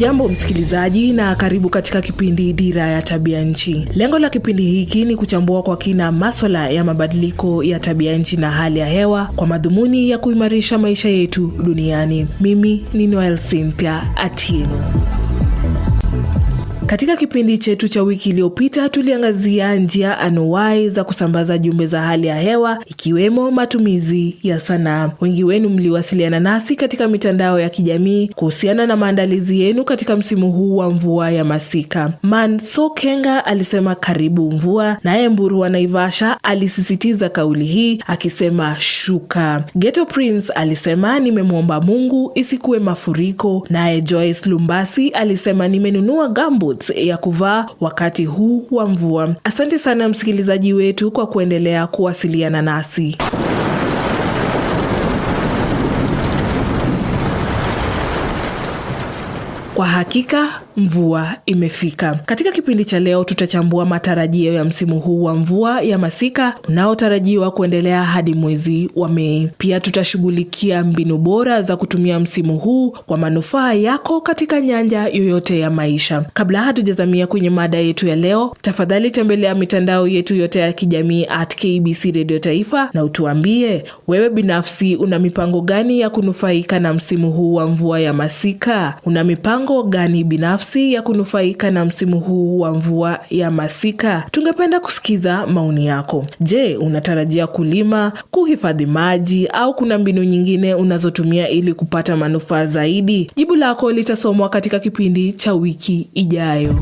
Hujambo msikilizaji, na karibu katika kipindi Dira ya Tabia Nchi. Lengo la kipindi hiki ni kuchambua kwa kina maswala ya mabadiliko ya tabia nchi na hali ya hewa kwa madhumuni ya kuimarisha maisha yetu duniani. Mimi ni Noel Cynthia Atieno. Katika kipindi chetu cha wiki iliyopita tuliangazia njia anuwai za kusambaza jumbe za hali ya hewa ikiwemo matumizi ya sanaa. Wengi wenu mliwasiliana nasi katika mitandao ya kijamii kuhusiana na maandalizi yenu katika msimu huu wa mvua ya masika. Manso Kenga alisema karibu mvua, naye Mburu wa Naivasha alisisitiza kauli hii akisema shuka. geto Prince alisema nimemwomba Mungu isikuwe mafuriko, naye Joyce Lumbasi alisema nimenunua gambut boots ya kuvaa wakati huu wa mvua. Asante sana msikilizaji wetu kwa kuendelea kuwasiliana nasi. Kwa hakika mvua imefika. Katika kipindi cha leo, tutachambua matarajio ya msimu huu wa mvua ya masika unaotarajiwa kuendelea hadi mwezi wa Mei. Pia tutashughulikia mbinu bora za kutumia msimu huu kwa manufaa yako katika nyanja yoyote ya maisha. Kabla hatujazamia kwenye mada yetu ya leo, tafadhali tembelea mitandao yetu yote ya kijamii at KBC Radio Taifa na utuambie wewe binafsi una mipango gani ya kunufaika na msimu huu wa mvua ya masika? Una mipango mipango gani binafsi ya kunufaika na msimu huu wa mvua ya masika? Tungependa kusikiza maoni yako. Je, unatarajia kulima, kuhifadhi maji au kuna mbinu nyingine unazotumia ili kupata manufaa zaidi? Jibu lako litasomwa katika kipindi cha wiki ijayo.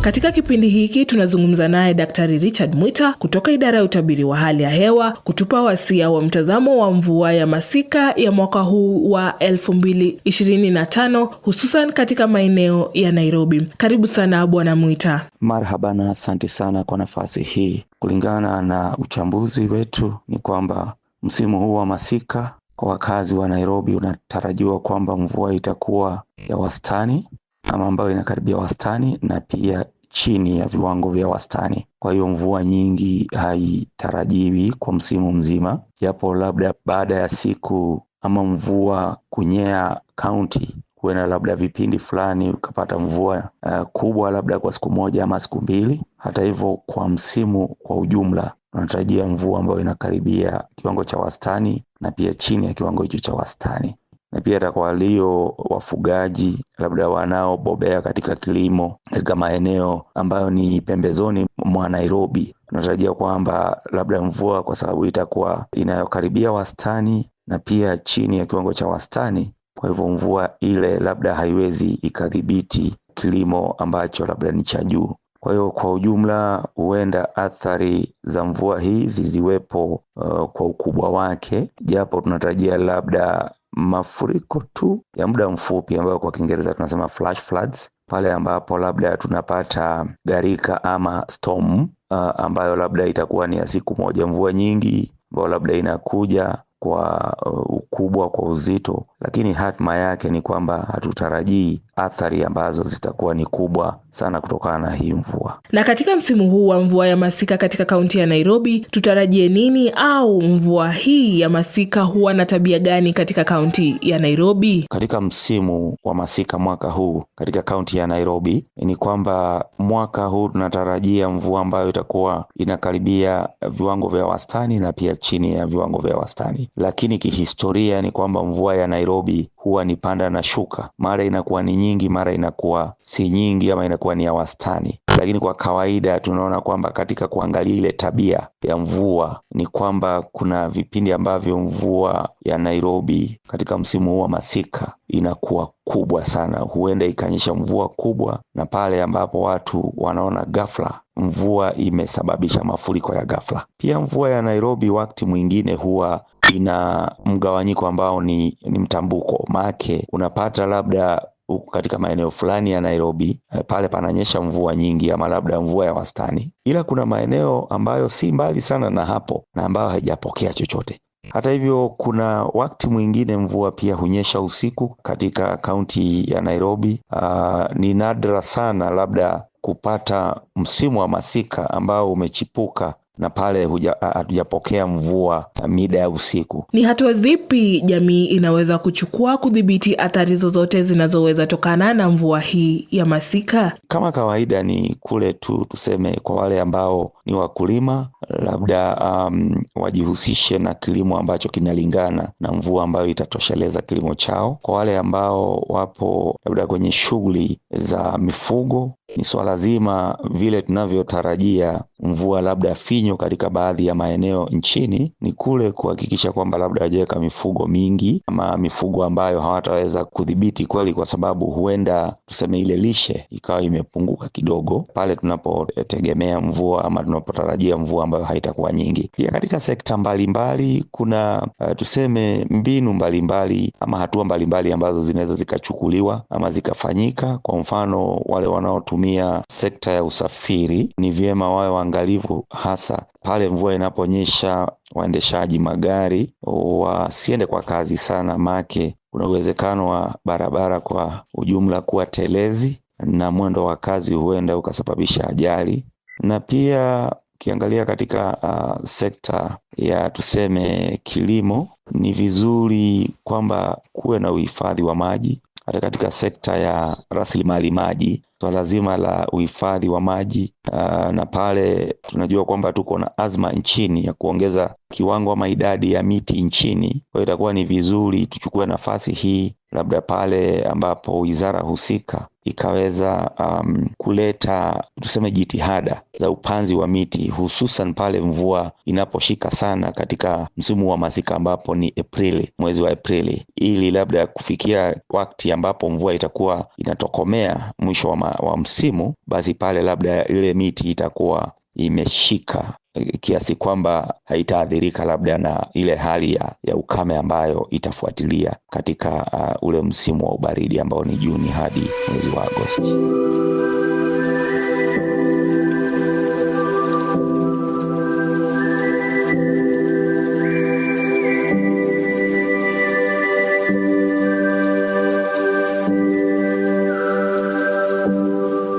Katika kipindi hiki tunazungumza naye Daktari Richard Mwita kutoka idara ya utabiri wa hali ya hewa kutupa wasia wa mtazamo wa mvua ya masika ya mwaka huu wa 2025 hususan katika maeneo ya Nairobi. Karibu sana Bwana Mwita. Marhaba na asante sana kwa nafasi hii. Kulingana na uchambuzi wetu ni kwamba msimu huu wa masika kwa wakazi wa Nairobi unatarajiwa kwamba mvua itakuwa ya wastani ama ambayo inakaribia wastani na pia chini ya viwango vya wastani. Kwa hiyo mvua nyingi haitarajiwi kwa msimu mzima, japo labda baada ya siku ama mvua kunyea kaunti huenda labda vipindi fulani ukapata mvua uh, kubwa labda kwa siku moja ama siku mbili. Hata hivyo, kwa msimu kwa ujumla tunatarajia mvua ambayo inakaribia kiwango cha wastani na pia chini ya kiwango hicho cha wastani na pia hata kwa walio wafugaji labda wanaobobea katika kilimo katika maeneo ambayo ni pembezoni mwa Nairobi, tunatarajia kwamba labda mvua kwa sababu itakuwa inayokaribia wastani na pia chini ya kiwango cha wastani. Kwa hivyo mvua ile labda haiwezi ikadhibiti kilimo ambacho labda ni cha juu. Kwa hiyo kwa ujumla, huenda athari za mvua hii ziwepo uh, kwa ukubwa wake, japo tunatarajia labda mafuriko tu ya muda mfupi ambayo kwa Kiingereza tunasema flash floods, pale ambapo labda tunapata gharika ama storm uh, ambayo labda itakuwa ni ya siku moja, mvua nyingi ambayo labda inakuja kwa uh, ukubwa, kwa uzito lakini hatima yake ni kwamba hatutarajii athari ambazo zitakuwa ni kubwa sana kutokana na hii mvua. Na katika msimu huu wa mvua ya masika katika kaunti ya Nairobi, tutarajie nini au mvua hii ya masika huwa na tabia gani katika kaunti ya Nairobi? Katika msimu wa masika mwaka huu katika kaunti ya Nairobi ni kwamba mwaka huu tunatarajia mvua ambayo itakuwa inakaribia viwango vya wastani na pia chini ya viwango vya wastani, lakini kihistoria ni kwamba mvua ya Nairobi Nairobi huwa ni panda na shuka, mara inakuwa ni nyingi, mara inakuwa si nyingi, ama inakuwa ni ya wastani. Lakini kwa kawaida tunaona kwamba katika kuangalia ile tabia ya mvua ni kwamba kuna vipindi ambavyo mvua ya Nairobi katika msimu huu wa masika inakuwa kubwa sana, huenda ikanyesha mvua kubwa, na pale ambapo watu wanaona ghafla mvua imesababisha mafuriko ya ghafla. Pia mvua ya Nairobi wakati mwingine huwa ina mgawanyiko ambao ni, ni mtambuko make unapata labda huku katika maeneo fulani ya Nairobi eh, pale pananyesha mvua nyingi ama labda mvua ya wastani, ila kuna maeneo ambayo si mbali sana na hapo na ambayo haijapokea chochote. Hata hivyo, kuna wakati mwingine mvua pia hunyesha usiku katika kaunti ya Nairobi. Uh, ni nadra sana labda kupata msimu wa masika ambao umechipuka na pale hatujapokea mvua mida ya usiku. Ni hatua zipi jamii inaweza kuchukua kudhibiti athari zozote zinazoweza tokana na mvua hii ya masika? Kama kawaida, ni kule tu tuseme, kwa wale ambao ni wakulima labda um, wajihusishe na kilimo ambacho kinalingana na mvua ambayo itatosheleza kilimo chao. Kwa wale ambao wapo labda kwenye shughuli za mifugo ni swala zima vile tunavyotarajia mvua labda finyo katika baadhi ya maeneo nchini, ni kule kuhakikisha kwamba labda wajaweka mifugo mingi ama mifugo ambayo hawataweza kudhibiti kweli, kwa sababu huenda tuseme ile lishe ikawa imepunguka kidogo pale tunapotegemea mvua ama tunapotarajia mvua ambayo haitakuwa nyingi. Pia katika sekta mbalimbali mbali, kuna uh, tuseme mbinu mbalimbali mbali, ama hatua mbalimbali mbali ambazo zinaweza zikachukuliwa ama zikafanyika, kwa mfano wale wanaotumia kutumia sekta ya usafiri, ni vyema wawe waangalifu, hasa pale mvua inaponyesha. Waendeshaji magari wasiende kwa kazi sana, make kuna uwezekano wa barabara kwa ujumla kuwa telezi na mwendo wa kazi huenda ukasababisha ajali. Na pia ukiangalia katika uh, sekta ya tuseme kilimo, ni vizuri kwamba kuwe na uhifadhi wa maji hata katika sekta ya rasilimali maji, swala zima la uhifadhi wa maji uh, na pale tunajua kwamba tuko na azma nchini ya kuongeza kiwango ama idadi ya miti nchini. Kwa itakuwa ni vizuri tuchukue nafasi hii labda pale ambapo wizara husika ikaweza um, kuleta tuseme jitihada za upanzi wa miti hususan pale mvua inaposhika sana katika msimu wa masika ambapo ni Aprili, mwezi wa Aprili, ili labda kufikia wakati ambapo mvua itakuwa inatokomea mwisho wa, ma, wa msimu, basi pale labda ile miti itakuwa imeshika eh, kiasi kwamba haitaathirika labda na ile hali ya, ya ukame ambayo itafuatilia katika uh, ule msimu wa ubaridi ambao ni Juni hadi mwezi wa Agosti.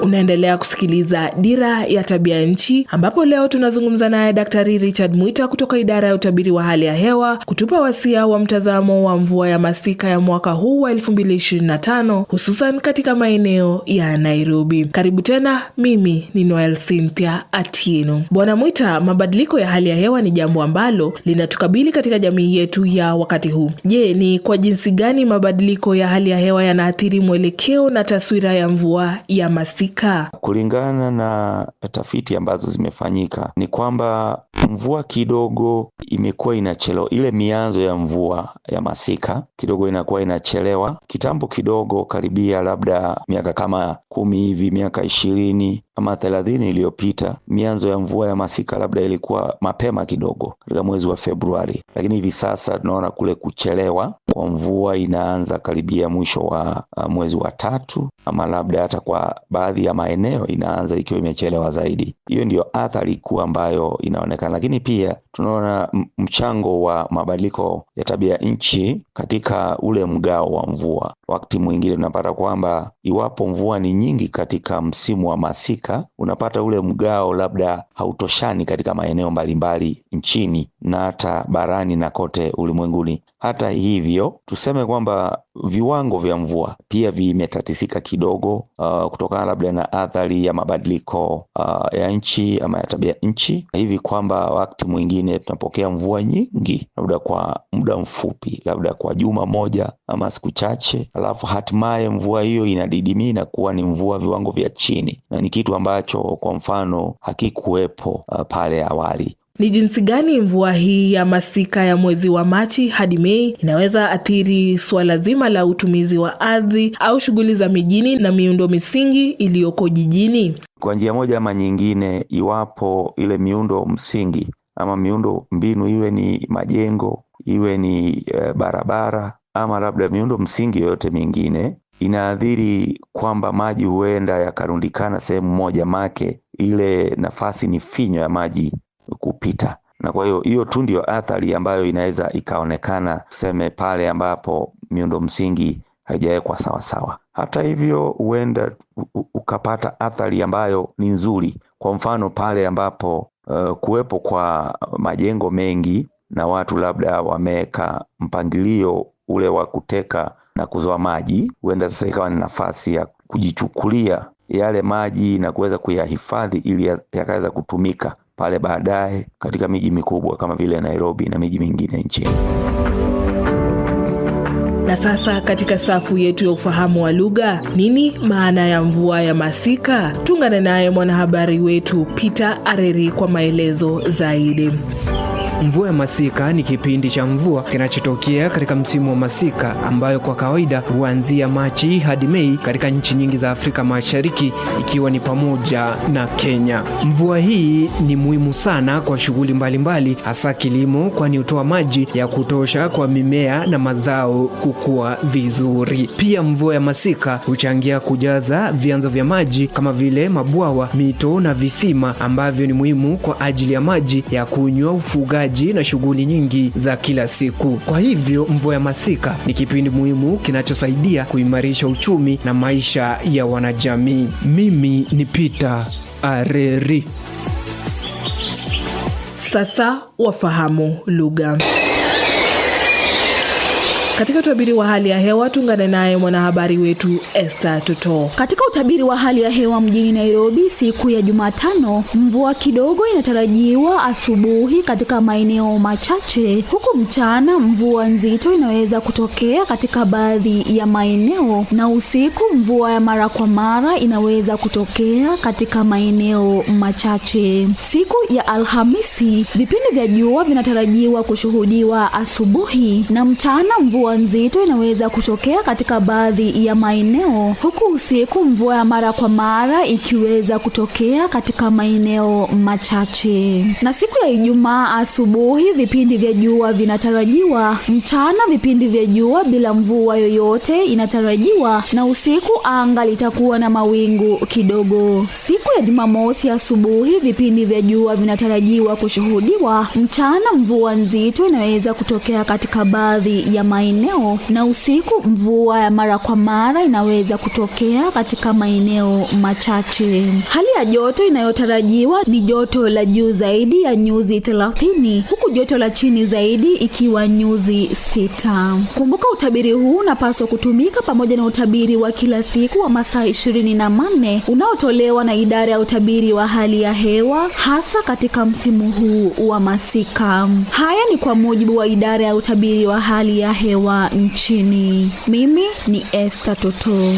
Unaendelea kusikiliza Dira ya Tabia Nchi, ambapo leo tunazungumza naye Daktari Richard Mwita kutoka idara ya utabiri wa hali ya hewa kutupa wasia wa mtazamo wa mvua ya masika ya mwaka huu wa 2025 hususan katika maeneo ya Nairobi. Karibu tena, mimi ni Noel Cynthia Atieno. Bwana Mwita, mabadiliko ya hali ya hewa ni jambo ambalo linatukabili katika jamii yetu ya wakati huu. Je, ni kwa jinsi gani mabadiliko ya hali ya hewa yanaathiri mwelekeo na taswira ya mvua ya masika kutumika? Kulingana na tafiti ambazo zimefanyika ni kwamba mvua kidogo imekuwa inachelewa, ile mianzo ya mvua ya masika kidogo inakuwa inachelewa kitambo kidogo, karibia labda miaka kama kumi hivi, miaka ishirini ama thelathini iliyopita, mianzo ya mvua ya masika labda ilikuwa mapema kidogo katika mwezi wa Februari, lakini hivi sasa tunaona kule kuchelewa kwa mvua inaanza karibia mwisho wa uh, mwezi wa tatu, ama labda hata kwa baadhi ya maeneo inaanza ikiwa imechelewa zaidi. Hiyo ndiyo athari kuu ambayo inaonekana, lakini pia tunaona mchango wa mabadiliko ya tabia nchi katika ule mgao wa mvua. Wakati mwingine tunapata kwamba iwapo mvua ni nyingi katika msimu wa masika, unapata ule mgao labda hautoshani katika maeneo mbalimbali nchini na hata barani na kote ulimwenguni. Hata hivyo hiyo tuseme kwamba viwango vya mvua pia vimetatisika kidogo, uh, kutokana labda na athari ya mabadiliko uh, ya nchi ama ya tabia nchi, hivi kwamba wakati mwingine tunapokea mvua nyingi labda kwa muda mfupi, labda kwa juma moja ama siku chache, alafu hatimaye mvua hiyo inadidimia na kuwa ni mvua viwango vya chini, na ni kitu ambacho kwa mfano hakikuwepo uh, pale awali. Ni jinsi gani mvua hii ya masika ya mwezi wa Machi hadi Mei inaweza athiri suala zima la utumizi wa ardhi au shughuli za mijini na miundo misingi iliyoko jijini? Kwa njia moja ama nyingine, iwapo ile miundo msingi ama miundo mbinu, iwe ni majengo, iwe ni eh, barabara ama labda miundo msingi yoyote mingine, inaathiri kwamba maji huenda yakarundikana sehemu moja, make ile nafasi ni finyo ya maji kupita na kwa hiyo hiyo tu ndio athari ambayo inaweza ikaonekana, tuseme pale ambapo miundo msingi haijawekwa sawasawa. Hata hivyo, huenda ukapata athari ambayo ni nzuri, kwa mfano pale ambapo uh, kuwepo kwa majengo mengi na watu labda wameweka mpangilio ule wa kuteka na kuzoa maji, huenda sasa ikawa ni nafasi ya kujichukulia yale maji na kuweza kuyahifadhi ili yakaweza kutumika pale baadaye katika miji mikubwa kama vile Nairobi na miji mingine nchini. Na sasa katika safu yetu ya ufahamu wa lugha, nini maana ya mvua ya masika? Tuungane naye mwanahabari wetu Peter Areri kwa maelezo zaidi. Mvua ya masika ni kipindi cha mvua kinachotokea katika msimu wa masika ambayo kwa kawaida huanzia Machi hadi Mei katika nchi nyingi za Afrika Mashariki ikiwa ni pamoja na Kenya. Mvua hii ni muhimu sana kwa shughuli mbalimbali, hasa kilimo, kwani hutoa maji ya kutosha kwa mimea na mazao kukua vizuri. Pia mvua ya masika huchangia kujaza vyanzo vya maji kama vile mabwawa, mito na visima ambavyo ni muhimu kwa ajili ya maji ya kunywa, ufugaji maji na shughuli nyingi za kila siku. Kwa hivyo mvua ya masika ni kipindi muhimu kinachosaidia kuimarisha uchumi na maisha ya wanajamii. Mimi ni Peter Areri. Sasa wafahamu lugha. Katika utabiri wa hali ya hewa tuungane naye mwanahabari wetu Esther Toto. Katika utabiri wa hali ya hewa mjini Nairobi siku ya Jumatano, mvua kidogo inatarajiwa asubuhi katika maeneo machache, huku mchana mvua nzito inaweza kutokea katika baadhi ya maeneo, na usiku mvua ya mara kwa mara inaweza kutokea katika maeneo machache. Siku ya Alhamisi vipindi vya jua vinatarajiwa kushuhudiwa asubuhi na mchana mvua mvua nzito inaweza kutokea katika baadhi ya maeneo, huku usiku mvua ya mara kwa mara ikiweza kutokea katika maeneo machache. Na siku ya Ijumaa asubuhi vipindi vya jua vinatarajiwa, mchana vipindi vya jua bila mvua yoyote inatarajiwa, na usiku anga litakuwa na mawingu kidogo. Siku ya Jumamosi asubuhi vipindi vya jua vinatarajiwa kushuhudiwa, mchana mvua nzito inaweza kutokea katika baadhi ya maeneo maeneo na usiku mvua ya mara kwa mara inaweza kutokea katika maeneo machache. Hali ya joto inayotarajiwa ni joto la juu zaidi ya nyuzi 30 huku joto la chini zaidi ikiwa nyuzi sita. Kumbuka utabiri huu unapaswa kutumika pamoja na utabiri wa kila siku wa masaa ishirini na manne unaotolewa na idara ya utabiri wa hali ya hewa hasa katika msimu huu wa masika. Haya ni kwa mujibu wa idara ya utabiri wa hali ya hewa wa nchini. Mimi ni Esther Toto.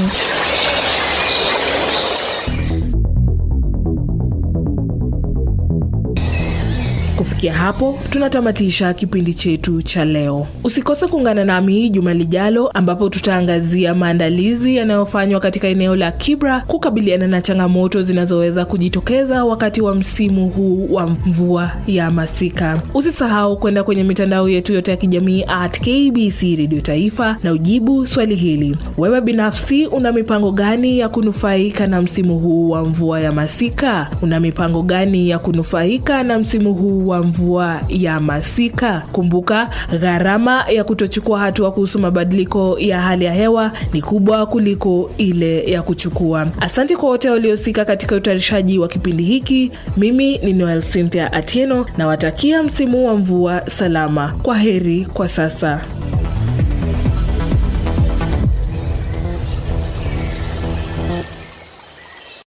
kufikia hapo tunatamatisha kipindi chetu cha leo. Usikose kuungana nami juma lijalo, ambapo tutaangazia maandalizi yanayofanywa katika eneo la Kibra kukabiliana na changamoto zinazoweza kujitokeza wakati wa msimu huu wa mvua ya masika. Usisahau kwenda kwenye mitandao yetu yote ya kijamii at KBC Radio Taifa na ujibu swali hili: wewe binafsi una mipango gani ya kunufaika na msimu huu wa mvua ya masika? Una mipango gani ya kunufaika na msimu huu wa mvua ya masika. Kumbuka, gharama ya kutochukua hatua kuhusu mabadiliko ya hali ya hewa ni kubwa kuliko ile ya kuchukua. Asante kwa wote waliohusika katika utayarishaji wa kipindi hiki. Mimi ni Noel Cynthia Atieno, nawatakia msimu wa mvua salama. Kwa heri kwa sasa.